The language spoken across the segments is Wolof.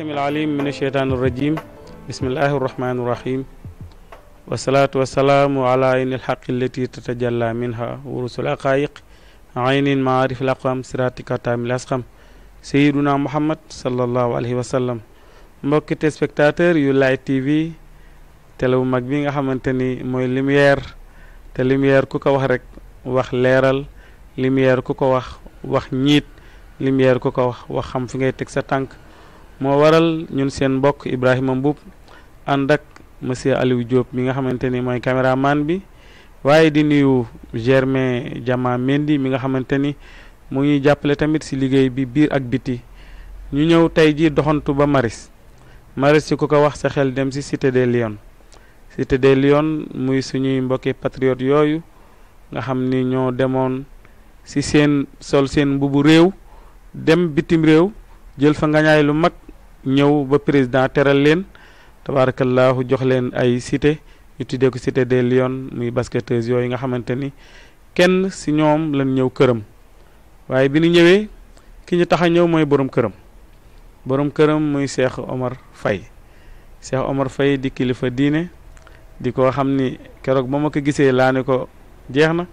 السميع العليم من الشيطان الرجيم بسم الله الرحمن الرحيم والصلاة والسلام على عين الحق التي تتجلى منها ورسل الحقائق عين معارف الأقوام صراطك تام الأسقم سيدنا محمد صلى الله عليه وسلم mbokki téléspectateur yu Light TV télé bu mag bi nga xamante ni mooy lumière te lumière ku ko wax rek wax leeral lumière ku ko wax wax ñiit lumière ku ko wax wax xam fi ngay teg sa tànk moo waral ñun seen mbokk Ibrahima Mbuub ànd ak monsieur Aliou Diop mi nga xamante ni mooy caméraman bi waaye di nuyu Germain Diama Mendy mi nga xamante ni mu ngi jàppale tamit ci liggéey bi biir ak biti ñu ñëw tey ji doxantu ba Maris Maris ci ku ko wax sa xel dem ci Cité des Lions Cité des Lions muy suñuy mbokki patriote yooyu nga xam ni ñoo demoon ci seen sol seen mbubu réew dem bitim réew jël fa ngañaay lu mag ñëw ba président teral leen tabaarakallaahu jox leen ay cité ñu tuddee ko cité des lions muy basketteurs yooyu nga xamante ni kenn si ñoom lañ ñëw këram waaye bi nu ñëwee ki ñu tax a ñëw mooy boroom këram borom këram muy Cheikh Omar fay Cheikh Omar fay di kilifa diine di ko xam ni keroog ba ma ko gisee laa ne ko jeex na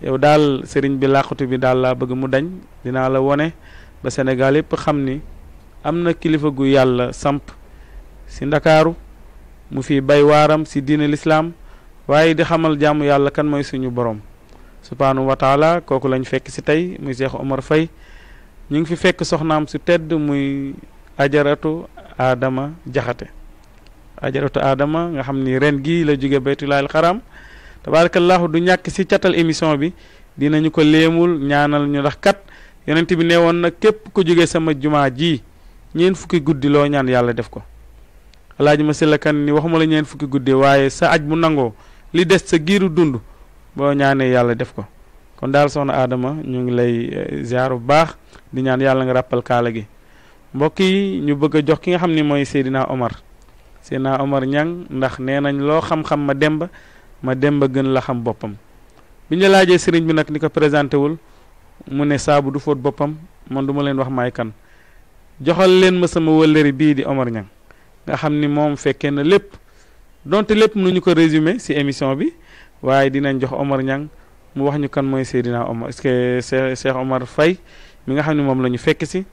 yow daal sëriñ bi làqatu bi daal laa bëgg mu dañ dinaa la wone ba Sénégal yëpp xam ni am na kilifa gu yàlla samp si ndakaaru mu fi bay waaram si diine lislaam waaye di xamal jàmm yàlla kan mooy suñu borom subhaanahu wa kooku lañu fekk si tey muy Cheikh Omar Faye ñu ngi fi fekk soxnaam su tedd muy ajaratu aadama Jaxate ajaratu aadama nga xam ni ren gii la jóge baytulaahil xaram tabarakallahu du ñàkk si catal émission bi dinañu ko léemul ñaanal ñu ndax kat yonent bi ne woon na képp ko jóge sama jumaa ji ñeent fukki guddi loo ñaan yàlla def ko alaaji ma si lakkan kan ni waxuma la ñeent fukki guddi waaye sa aj bu nangoo li des sa giiru dund boo ñaanee yàlla def ko kon daal soxna Adama ñu ngi lay eh, ziar bu baax di ñaan yàlla nga ràppal kaala gi mbokk yi ñu bëgg a jox ki nga xam ni mooy Seydina Omar Seydina Omar ñaŋ ndax nee nañ loo xam-xam ma demb ma demb a gën la xam boppam bi ñu laajee sëriñ bi nag ni ko présenté wul mu ne saabu du fóot boppam man duma leen wax maay joxal leen ma sama wëllëri bii di Omar Niang nga xam ni moom fekkee na lépp donte lépp nu ñu ko résumé ci émission bi waaye dinañ jox Omar Niang mu wax ñu kan mooy Seydina Omar est que Cheikh Omar Faye mi nga xam ne moom la ñu fekk ci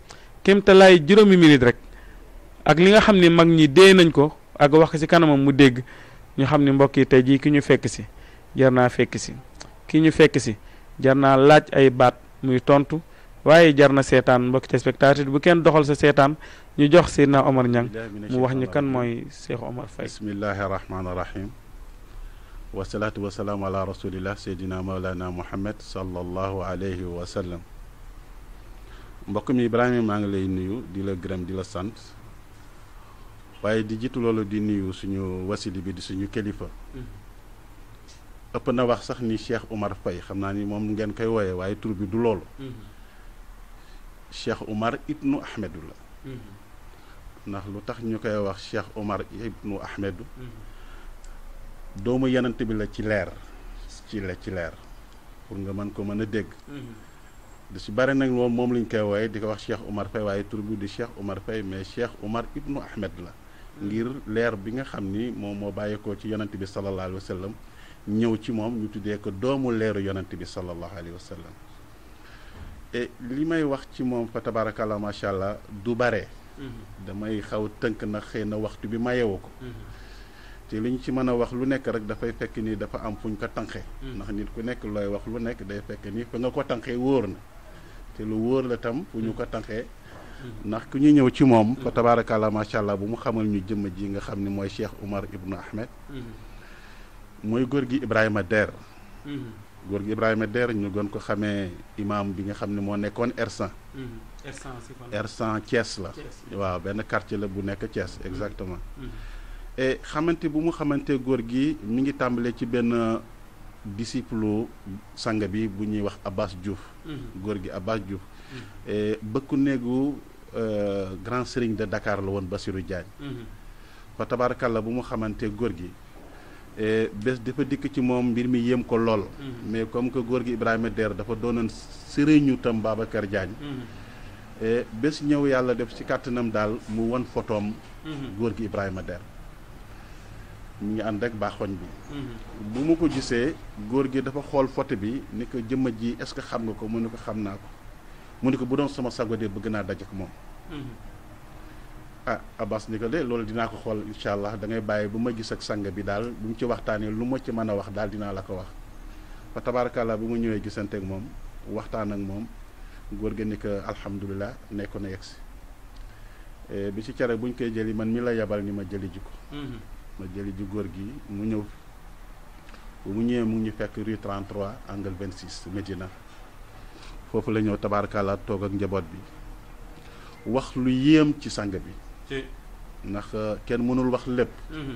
kéemtalaay juróomi minute rek ak li nga xam ne mag ñi dee nañ ko ak wax ci kanamam mu dégg ñu xam ni mbokk yi tey jii ki ñu fekk ci jar naa fekk ci ki ñu fekk ci jar naa laaj ay baat muy tontu. waaye jar na seetaan mbokki téléspectateur bu kenn doxal sa seetaan ñu jox Seydina Omar Niang mu wax ñu kan mooy Cheikh Omar Faye bismillahi rahmaani rahim wasalaatu wasalaamu ala rasulillah mi Ibrahima maa ngi lay nuyu di la gërëm di la sant waaye di jiitu loolu di nuyu suñu wasili bi di suñu kilifa mm-hmm. ëpp na wax sax ni Cheikh Omar Faye xam naa ni moom ngeen koy wooye waaye tur bi du loolu mm-hmm. Cheikh Umar ibnu Ahmedu la mm-hmm. ndax lu tax ñu koy wax Cheikh Umar ibnu Ahmedu mm-hmm. doomu yenant bi la ci leer ci la ci leer pour nga mën ko mën a dégg mm-hmm. du si bëri nag moom moom lañ koy wooye di ko wax Cheikh Umar Faye waaye tur di Cheikh Umar Faye mais Cheikh Umar ibnu Ahmed la ngir leer bi nga xam ni moom moo bàyyeekoo ci yonent bi sallallahu alayhi wa ñëw ci moom ñu tuddee ko doomu leeru yonent bi sallallahu alayhi wa li may wax ci moom fa tabaarakàlla macha allah du bare. Mhm. damay xaw tënk na xëy na waxtu bi mayewu ko. Mhm. te li ñu ci mën a wax lu nekk rek dafay fekk nii dafa am fu ñu ko tànqee. Mhm. ndax nit ku nekk looy wax lu nekk day fekk ni fa nga ko tànqee wóor na te lu wóor la tam fu ñu ko tànqee. ndax ku ñu ñëw ci moom. fa tabaarakàlla macha allah bu mu xamal ñu jëmm ji nga xam ni mooy Cheikh Oumar Ibn Ahmed. mooy góor gi Ibrahima Der. góor gi Ibrahima Der ñu gën ko xamee imam bi nga xam ne moo nekkoon R100. r mm-hmm. la. waaw benn quartier la bu nekk Thiès mm-hmm. exactement. Mm-hmm. et xamante bu mu xamante góor gi mi ngi tàmbalee ci benn disciple sang bi bu ñuy wax Abbas Diouf. góor gi Abbas Diouf. bëkku néegu euh, grand sëriñ de Dakar la woon Basirou Diagne. fa tabarakalla bu mu xamante góor gi. bés dafa dikk ci moom mbir mi yéem ko lool. Mm-hmm. mais comme que góor gi Ibrahima Der dafa doonoon sëriñu tam Babacar Diagne. Mm-hmm. bés ñëw yàlla def ci kàttanam daal mu won fotoom. Mm-hmm. góor gi Ibrahima Der. ñu ngi ànd ak baaxoñ bi. bu ma ko gisee góor gi dafa xool foto bi ni ko jëmma ji est-ce que xam nga ko mu ne ko xam naa ko mu ne ko bu doon sama sago de bëgg naa daj ak moom. ah Abbas ni ko de loolu dinaa ko xool incha allah dangay bàyyi bu ma gis ak sang bi daal bu mu ci waxtaanee lu ma ci mën a wax daal dinaa la ko wax fa tabaarakàllaa bu ma ñëwee gisante ak moom waxtaan ak moom góor gi ni ko alhamdulilah nekkoon na yegg si e, bi ci cere bu ñu koy jëli man mi la yebal ni ma jëli ji ko. Mm-hmm. ma jëli ji góor gi mu ñëw bu mu ñëwee mu ngi ñu fekk rue 33 angle 26 Médina foofu la ñëw tabaarakàllaa toog ak njaboot bi wax lu yéem bi. ndax euh, kenn mënul wax lépp mhm.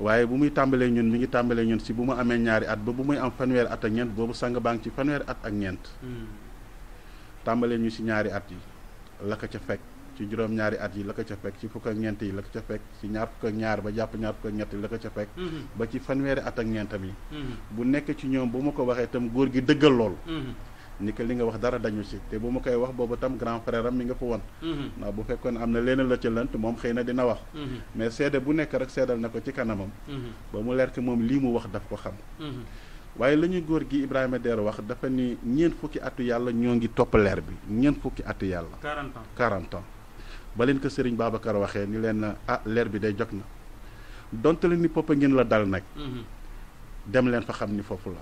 waaye bu muy tàmbalee ñun mi ngi tàmbalee ñun si bu ma amee ñaari at ba bu muy am fanweeri at ak ñeent boobu sàng baa ngi ci fanweeri at ak ñeent mhm. tàmbalee ñu si ñaari at yi lakka ca fekk ci juróom ñaari at yi la ko ca fekk ci fukk ak ñeent yi la ko ca fekk ci ñaar fukk ak ñaar ba jàpp ñaar fukk ak ñett yi la ca fekk mhm. ba ci fanweeri at ak ñeentam yi bu nekk ci ñoom bu ma ko waxee itam góor gi dëggal lool ni que li nga wax dara dañu si te bu ma koy wax boobu tam grand frère am mi nga fa woon mhm. ndax bu fekkoon am na leneen la ci lënt moom xëy na dina wax mhm. mais seede bu nekk rek seddal na ko ci kanamam mhm. ba mu leer que moom lii mu wax daf ko xam waaye la ñuy góor gi Ibrahima Deer wax dafa ni ñeent fukki atu yàlla ñoo ngi topp leer bi ñeent fukki atu yàlla 40 ans 40 ans ba leen ko Serigne Babacar waxee ni leen ah leer bi day jog na donte ni poppa ngeen la dal nag dem leen fa xam ni foofu la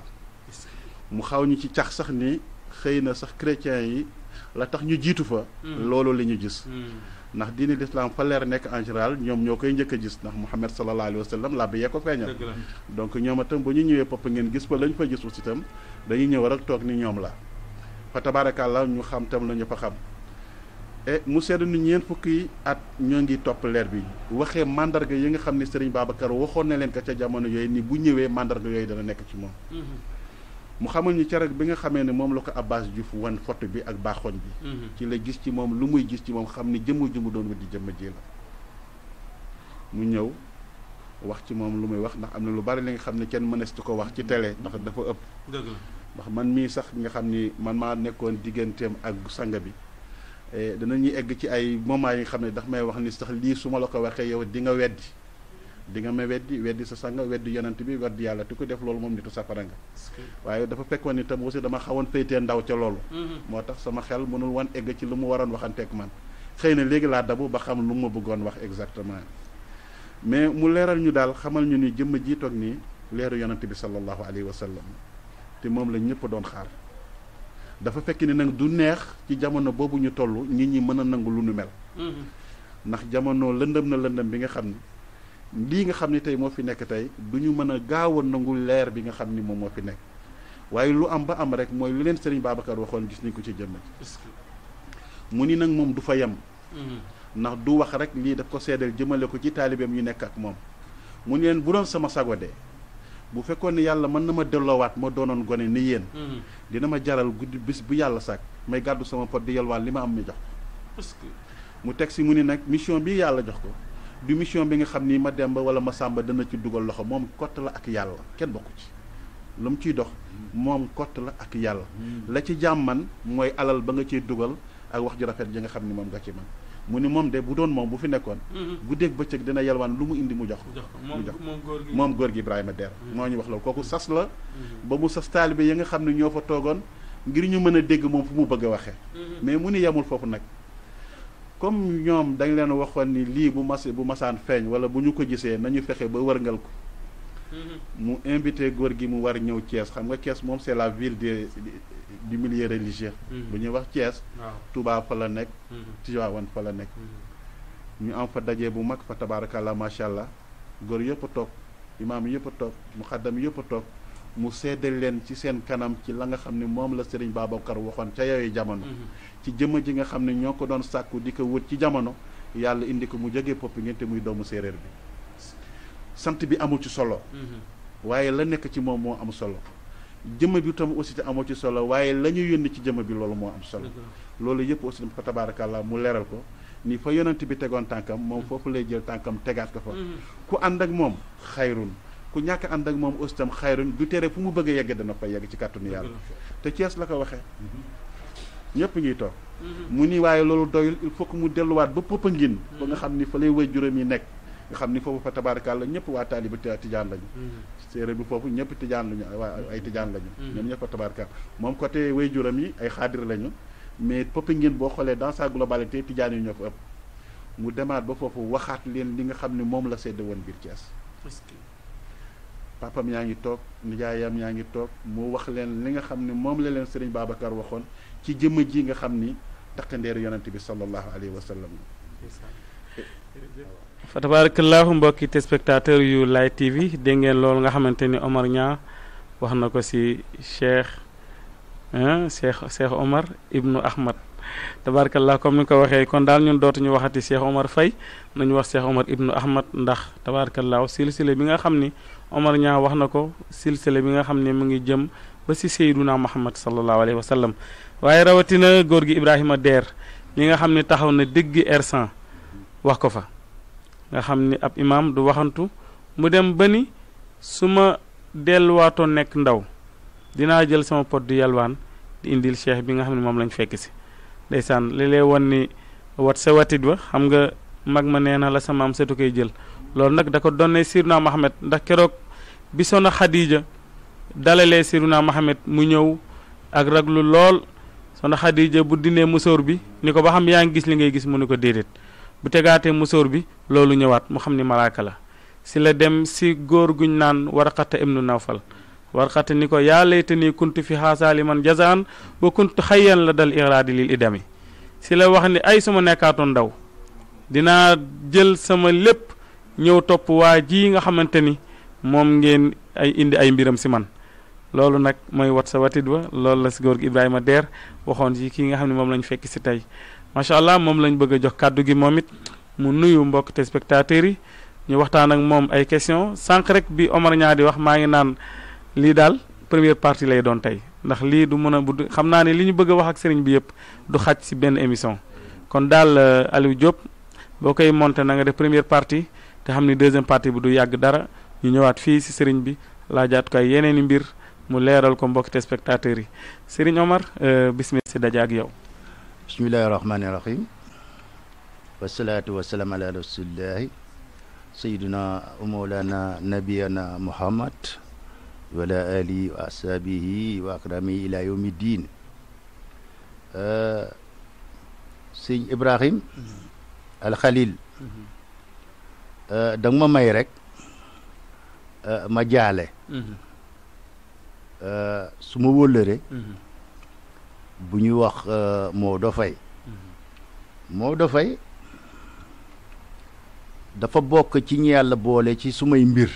mu xaw ñu ci cax sax ni xëy na sax chrétiens yi la tax ñu jiitu fa. Hmm. loolu li ñu gis. Hmm. ndax diine l'islam fa leer nekk en général ñoom ñoo koy njëkk a gis ndax Muhammad sallallahu alayhi wa sallam làbbe yee ko feeñal. donc ñoom itam bu ñu ñëwee popp ngeen gis fa lañ fa gis aussi itam dañuy ñëw rek toog ni ñoom la fa tabaarakàlla ñu xam tam la ñu fa xam. e mu seetlu ni ñeent yi at ñoo ngi topp leer bi waxee mandarga yi nga xam ne Serigne Babacar waxoon na leen ko ca jamono yooyu ni bu ñëwee mandarga yooyu dana nekk ci moom. Hmm. mu xamal ñu carag bi nga xamee ne moom la ko Abbas Diouf wan photo bi ak baaxoñ bi mhm. ci la gis ci moom lu muy gis ci moom xam ne jëmm ju doon wut di jëmm ji la mu ñëw wax ci moom lu muy wax ndax am na lu bari li nga xam ne kenn mënees ko wax ci télé ndax dafa ëpp dëgg la ndax man mii sax nga xam ni man maa nekkoon digganteem ak sanga bi eh, danañuy egg ci ay moment yi nga xam ne daf may wax ni sax lii su ma la ko waxee yow di nga weddi di nga ma weddi weddi sa sanga weddi yonent bi weddi yàlla te ku def loolu moom nitu safara nga waaye dafa fekkoon ni tam aussi dama xawoon féetee ndaw ca loolu mm-hmm. moo tax sama xel mënul wan egg ci lu mu waroon waxanteeg man xëy na léegi laa dabu ba xam lu mu ma bëggoon wax exactement mais mu leeral ñu daal xamal ñu ni jëmm ji toog nii leeru yonent bi sallallahu alayhi wa sallam te moom la ñëpp doon xaar dafa fekk ni nag du neex ci jamono boobu ñu toll nit ñi mën a nangu lu nu mel mm-hmm. jamono lëndëm na lëndëm bi nga xam ni lii nga xam ni tey moo fi nekk tey du ñu mën a gaaw a nangu leer bi nga xam ni moom moo fi nekk waaye lu am ba am rek mooy lu leen Serigne Babacar waxoon gis nañ ko ci jëmm mu ni nag moom du fa yem mhm. ndax du wax rek lii daf ko seedal jëmale ko ci taalibeem yu nekk ak moom mu ni leen bu doon sama sago de bu fekkoon ne yàlla mën na ma delloowaat ma doonoon gone ni yéen mhm. dina ma jaral guddi bis bu yàlla sàkk may gàddu sama pot di yalwaan li ma am mi jox mu teg si mu ni nag mission bii yàlla jox ko du mission bi nga xam ni ma demba wala ma sàmba dana ci dugal loxo moom kott la ak yàlla kenn bokku ci lu mu ciy dox moom kott la ak yàlla hmm. la ci jàmman mooy alal ba nga ciy dugal ak wax ju rafet ji nga xam ni moom nga ci man mu ni moom de bu doon moom bu fi nekkoon hmm. guddeeg bëccëg dina yalwaan lu mu indi mu jox mu jox moom góor gi Ibrahima Der hmm. moo ñu wax la kooku sas la ba mu sas taalibe yi nga xam ne ñoo fa toogoon ngir ñu mën a dégg moom fu mu bëgg a mu ni yemul nag comme ñoom dañ leen waxoon ni lii bu mas bu masaan feeñ wala bu ñu ko gisee nañu fexe ba wërngal ko mm-hmm. mu invité góor gi mu war ñëw Thiès xam nga cees moom c'est la ville des du milieu religieux mm-hmm. bu ñuy wax cees Touba fa la nekk mm-hmm. Tivaouane fa la nekk ñu am fa daje bu mag fa tabarakallah macha allah góor yëpp a toog imaam yëpp a toog muxaddam yëpp a toog mu seedal leen ci seen kanam ci la nga xam ne moom la Serigne Babacar waxoon ca yooyu jamono. Mhm. ci jëmm ji nga xam ne ñoo ko doon sàkku di ko wut ci jamono yàlla indi ko mu jógee Popenguine te muy doomu séeréer bi sant bi amul ci solo. Mhm. waaye la nekk ci moom moo am solo. jëmm bi tam aussi te amoo ci solo waaye la ñu yónni ci jëmm bi loolu moo am solo. Mhm. loolu yëpp aussi dafa tabaarakàllaa mu leeral ko ni fa yonent bi tegoon tànkam moom foofu lay jël tànkam tegaat ko fa. ku ànd ak moom xayrun ku ñàkk ànd ak moom aussi tam xayrun du tere fu mu bëgg a yegg dana fa yegg ci kàttanu yàlla te Thiès la ko waxee mm-hmm. ñëpp ngiy toog mm-hmm. mu ni waaye loolu doyul il faut que mu delluwaat ba Popenguine ba nga xam ni fa lay waajuram yi nekk nga xam ni foofu fa tabaarakàlla ñëpp waa taaliba tijaan lañu mm-hmm. séeréer bi foofu ñëpp tijaan lañu waa ay tijaan lañu ñoom ñëpp fa tabaarakàlla moom côté waajuram yi ay xaadir lañu mais Popenguine sa globalité tijaan yi ñoo fa ëpp mu demaat ba foofu waxaat leen li nga xam ne moom la sedd woon biir Thiès papam ñaa ngi toog nijaayam ñaa ngi toog mu wax leen li nga xam ne moom la leen sëriñ Babacar waxoon ci jëmm ji nga xam ni takkandeeru yonent bi sallallahu alayhi wa sallam fa tabarakallahu mbokki téléspectateur yu Light TV dégg ngeen loolu nga xamante ni Omar ñaa wax na ko si Cheikh Cheikh Cheikh Omar ibnu Ahmad tabarakallah comme ni ko waxee kon daal ñun dootuñu waxati Cheikh Omar Faye nañu wax Cheikh Omar ibnu Ahmad ndax tabarakallahu sile bi nga xam ni Omar ñaa wax na ko silsile bi nga xam ne mu ngi jëm ba si Seyduna Muhammad sallallahu alayhi wa sallam waaye rawatina góor gi Ibrahima Deer mi nga xam ne taxaw na dégg R100 wax ko fa nga xam ni ab imaam du waxantu mu dem ba ni su ma delluwaatoo nekk ndaw dinaa jël sama pot du yalwaan di indil cheikh bi nga xam ne moom lañ fekk si ndeysaan li lay wan ni wat sa watit ba xam nga mag ma nee na la sa maam setu koy jël loolu nag da ko donne sirna Muhammad bi soxna Xadija dalalee Seydina Muhammad mu ñëw ak raglu lool soxna Xadija bu dinee musóor bi ni ko ba xam yaa ngi gis li ngay gis mu ni ko déedéet bu tegaatee musóor bi loolu ñëwaat mu xam ni malaaka la si la dem si góor guñ naan warqata ibnu nawfal warqata ni ko yaa layta ni kuntu fi xaasaali man jazaan wa kuntu xayyan la dal iraadi lil idami si la wax ni ay suma nekkaatoon ndaw dinaa jël sama lépp ñëw topp waa ji nga xamante ni moom ngeen ay indi ay mbiram si man loolu nag mooy wat sa watit ba loolu la si góor gi Ibrahima Der waxoon ci kii nga xam ne moom lañ fekk si tey macha allah moom lañ bëgg a jox kàddu gi moom it mu nuyu mbokk te spectateurs yi ñu waxtaan ak moom ay question sànq rek bi Omar ñaa di wax maa ngi naan lii daal première partie lay doon tey ndax lii du mën a bu xam naa ne li ñu bëgg a wax ak sëriñ bi yëpp du xaj si benn émission kon daal euh, Aliou jo boo koy monté na nga def première partie te xam ni deuxième partie bi du yàgg dara ñu ñëwaat fii si sëriñ bi laajaat ko ay yeneen i mbir mu leeral ko mbokk te yi sëriñ Omar euh, bismillah si daje ak yow. bismillahi rahmaani rahim wasalaatu alihi wa ashabihi wa akrami ila yawmi diin euh, sëñ Ibrahim mm-hmm. alxalil mm-hmm. euh, da nga ma may rek Euh, ma jaale mhm. euh, su ma wóllëre mhm. bu ñuy wax euh, Maodo Faye mhm. Maodo Faye dafa bokk ci ñi yàlla boole ci sumay mbir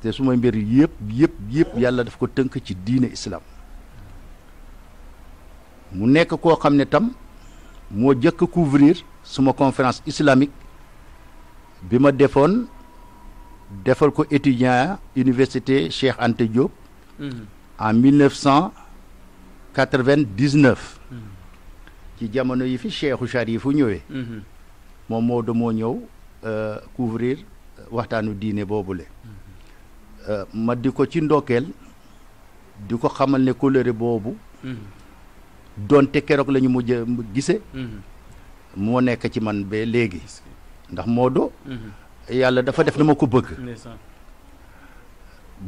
te sumay mbir yëpp yëpp yëpp yàlla daf ko tënk ci diine islam mu nekk koo xam ne tam moo jëkk couvrir suma conférence islamique bi ma defoon defal ko étudiant université Cheikh Anta mm-hmm. en mille neuf cent quatre vingt dix neuf. Mm-hmm. ci jamono yi fi Cheikhu Charifu ñëwee. Mm-hmm. moom moo damoo ñëw euh, couvrir euh, waxtaanu diine boobule. Euh, ma di ko ci ndokkeel di ko xamal ne colère boobu. donte keroog lañu mu mujj gise moo nekk ci man ba léegi ndax moo do yàlla dafa def na ma ko bëgg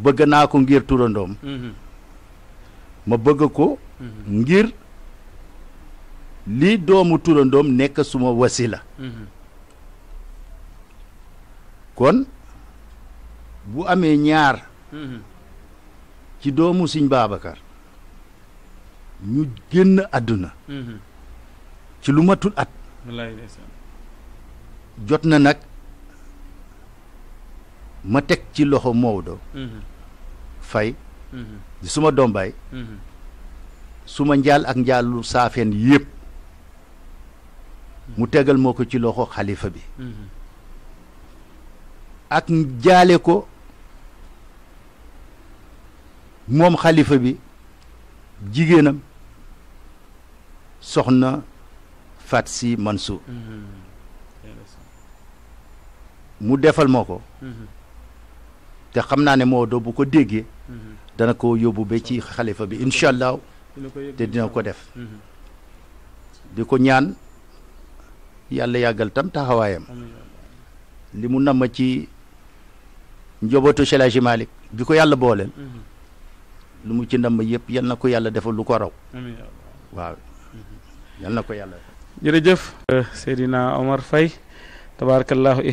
bëgg naa ko ngir turandoom mhm. ma bëgg ko mhm. ngir lii doomu turandoom nekk suma wasila mhm. kon bu amee ñaar ci doomu Sëñ Babacar ñu génn àdduna ci lu matul at jot na nag ma teg ci loxo Maodo. Mhm. fay. Mhm. di suma dombaay mhm. suma njaal ak njaalu saafeen yépp mu tegal moo ko ci loxo xalifa bi ak jaale ko moom xalifa bi jigéenam soxna Fat Si Mansour mu defal ma ko te xam naa ne Maodo bu ko déggee mhm. dana ko yóbbu ba ci xalifa bi incha allah te dina ko def mhm. di ko ñaan yàlla yàggal tam taxawaayam li mu namm ci njobootu Seydi Malick bi ko yàlla booleel mhm. lu mu ci namm yëpp yal na ko yàlla defal lu ko raw waaw yal na ko yàlla jërëjëf Seydina Omar Faye tabarakallahu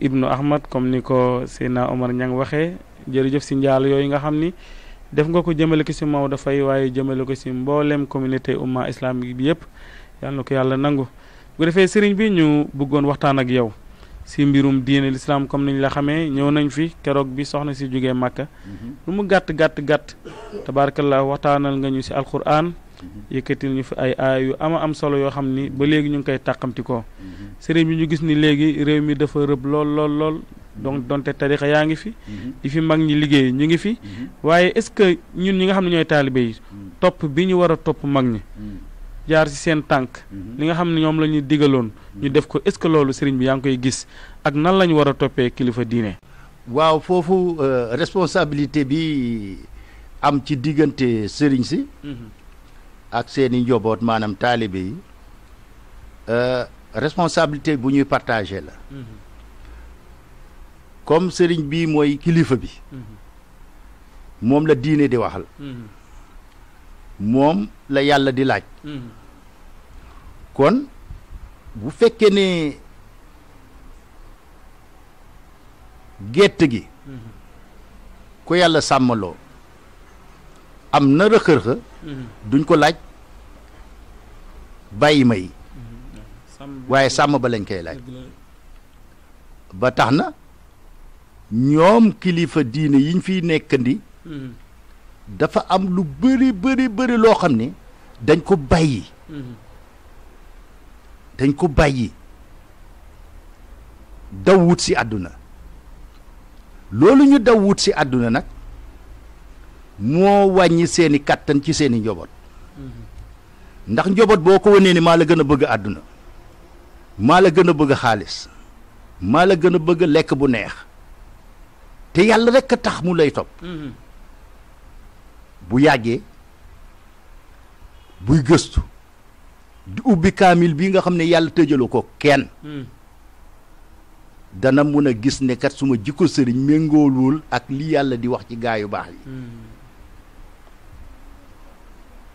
ibnu ah, ahmad comme ni ko Seydina Omar Niang waxee jërëjëf si njaal yooyu nga xam ni def nga ko jëmale ko si Maodo Faye waaye jëmale ko si mboolem communauté umma islamique bi yëpp yal ko yàlla nangu bu defee sëriñ bi ñu bëggoon waxtaan ak yow si mbirum diine l'islam comme niñ la xamee ñëw nañ fi keroog bi soxna si jógee màkka mhm. lu mu gàtt gàtt gàtt tabarakallahu waxtaanal nga ñu si alquran Mm-hmm. yëkkatil ñu fi ay aay yu ama am solo yoo xam ni ba léegi ñu ngi koy tàqamti ko mm-hmm. sëriñ bi ñu gis ni léegi réew mi dafa rëb lool lool lool donc mm-hmm. donte tarixa yaa ngi fi di fi mag ñi liggéey ñu ngi fi waaye est-ce que ñun ñi nga xam ne ñooy taalibe yi topp bi ñu war a topp mag ñi jaar ci seen tànk li nga xam ne ñoom la ñu digaloon ñu def ko est-ce que loolu sëriñ bi yaa ngi koy gis ak nan lañu war a toppee kilifa diine waaw foofu euh, responsabilité bi am ci diggante sëriñ si ak seeni i njoboot maanaam taalibe yi euh, responsabilité bu ñuy partagé la mm-hmm. comme sëriñ bi mooy kilifa bi mm-hmm. moom la diine di waxal mm-hmm. moom la yàlla di laaj kon bu fekkee ne gett gi ku yàlla sàmmaloo am na rëq-rëq mm-hmm. duñ ko laaj bàyyi ma yi mm-hmm. waaye sàmm ba lañ koy laaj ba tax na ñoom kilifa diine yiñ fiy nekkandi mm-hmm. dafa am lu bëri bëri bëri loo xam ne dañ ko bàyyi dañ ko bàyyi daw wut si àdduna loolu ñu daw wut si àdduna nag moo wàññi seeni kàttan ci seeni njoboot ndax njaboot boo ko wonee ni maa la gën a bëgg àdduna maa la gën a bëgg xaalis maa la gën a bëgg lekk bu neex te yàlla rekk a tax mu lay topp bu yàggee buy gëstu di ubbi kaamil bii nga xam ne yàlla tëjalu ko kenn dana mun a gis ne kat suma jikko sëriñ méngoowul ak li yàlla di wax ci gaayu baax yi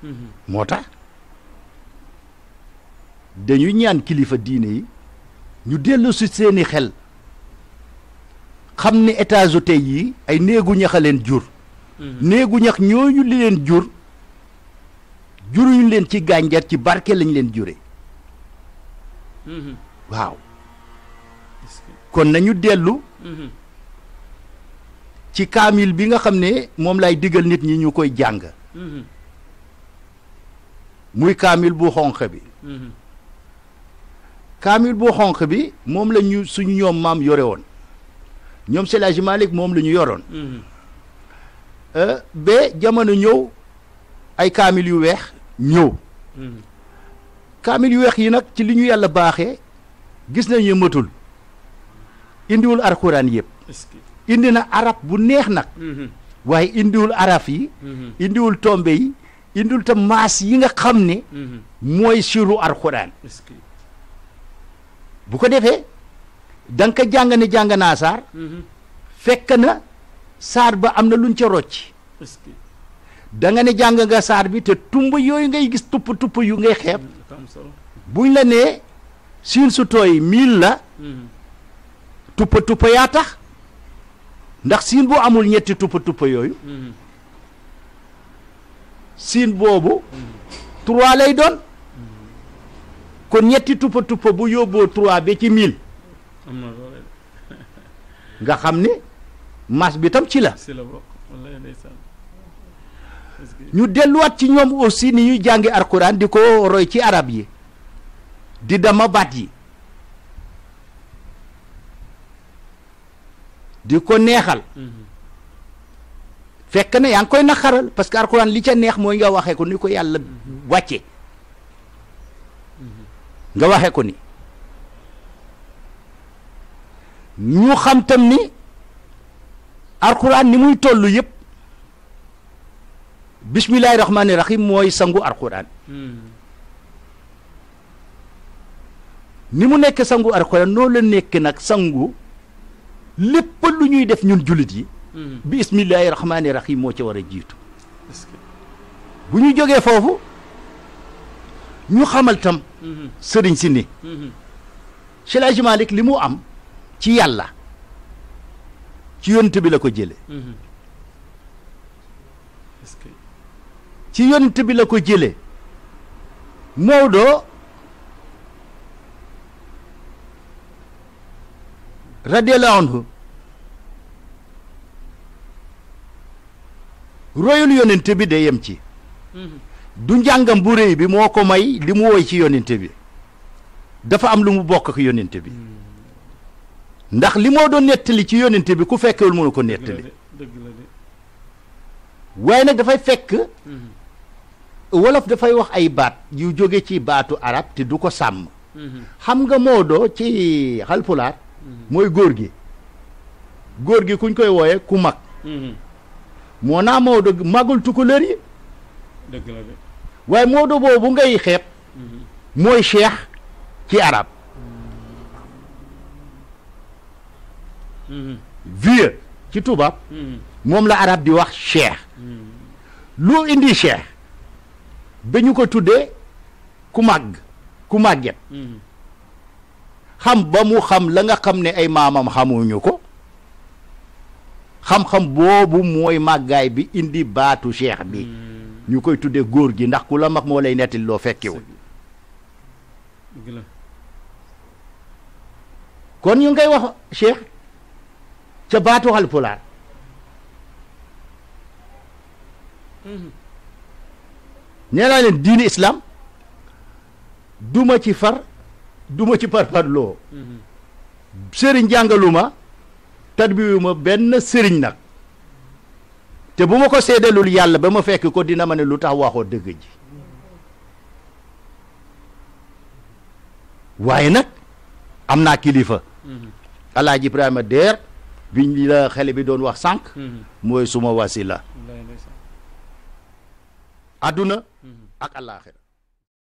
Mhm. moo tax dañuy ñaan kilifa diine yi ñu dellu si seeni xel xam ni états tey yi ay néegu ñax jur mhm. néegu ñax ñooñu li leen jur juruñu leen ci gànjar ci barke lañ leen jure mhm. waaw kon nañu dellu ci kaamil bi nga xam ne moom lay digal nit ñi ñu koy jàng muy kaamil bu xonq bi mhm. kaamil bu xonq bi moom la ñu suñu ñoom maam yore woon ñoom El Hadji moom lañu ñu yoroon mhm. euh, ba jamono ñëw ay kaamil yu weex ñëw mhm. kaamil yu weex yi nag ci li ñu yàlla baaxee gis nañu matul indiwul alxuraan yëpp indi na arab bu neex nag waaye indiwul araf yi indiwul tombe yi indul tam maas yi nga xam ne mhm. mooy siru alxuraan bu ko defee da nga ko jàng ne jàng naa saar mhm. fekk na saar ba am na luñ ca rocc da ne jàng nga saar bi te tumb yooyu ngay gis tupp tupp yu ngay xeeb mhm, buñ la nee siin su tooy mille la tuppa tuppa yaa tax ndax siin boo amul ñetti tuppa tuppa yooyu siin boobu trois lay doon kon ñetti tuppa tuppa bu yóbboo trois ba ci mille nga xam ni mas bi tam ci la ñu delluwaat ci ñoom aussi ni ñuy jàngi alquran di ko roy ci arab yi di dama baat yi di ko neexal mm-hmm. fekk na yaa ngi koy naqaral parce que alxuraan li ca neex mooy nga waxee ko ni ko yàlla wàcce nga waxee ko ni ñu xam tam ni alxuraan ni muy toll yëpp bismillaahi rahmaani rahim mooy sangu alxuraan ni mu nekk sangu alxuraan noonu la nekkee nag sangu lépp lu ñuy def ñun jullit yi Mm-hmm. bismillahi rahmaani rahim moo ci war a jiitu bu ñu jogee foofu ñu xamal tam mm-hmm. sëriñ si ni Seydi mm-hmm. Malick li mu am ci yàlla ci yonent bi la ko jële ci yonent bi la ko jële Maodo radiyallahu anhu royul yonente bi day yem ci mhm. du njàngam bu réy bi moo ko may li mu woy ci yonente bi dafa am lu mu bokk ak yonente bi mhm. ndax li moo doon nettali ci yonente bi ku fekkewul mënu ko nettali waaye nag dafay fekk mhm. wolof dafay wax ay baat yu jóge ci baatu arab te du ko sàmm xam nga moodo ci xalpulaar mooy góor gi góor gi kuñ koy wooye ku mag moo naa dëgg màggul tu ko dëgg la de waaye Maodo boobu ngay xeet mm-hmm. mooy cheikh ci arab. Mm-hmm. vieux ci tubaab. Mm-hmm. moom la arab di wax cheikh. loo indi cheikh ba ñu ko tuddee ku màgg ku màgget. xam ba mu xam la nga xam ne ay maamam xamuñu ko. xam-xam boobu mooy màggaay bi indi baatu cheikh bi hmm. ñu koy tuddee góor gi ndax ku la mag moo lay nettali loo fekkiwul kon ñu ngay wax cheikh ca baatu Haalpulaar hmm. nee naa diini islam duma ci far duma ci parparloo hmm. sëriñ jàngaluma tarbiyu ma benn sëriñ nag te bu ma ko seddalul yàlla ba ma fekk ko dina ma ne lu tax waxoo dëgg ji waaye nag am naa kilifa mm-hmm. alaaji Ibrahima Deer biñ la xale bi doon wax sànq mm-hmm. mooy suma wasila adduna mm-hmm. ak alaaxira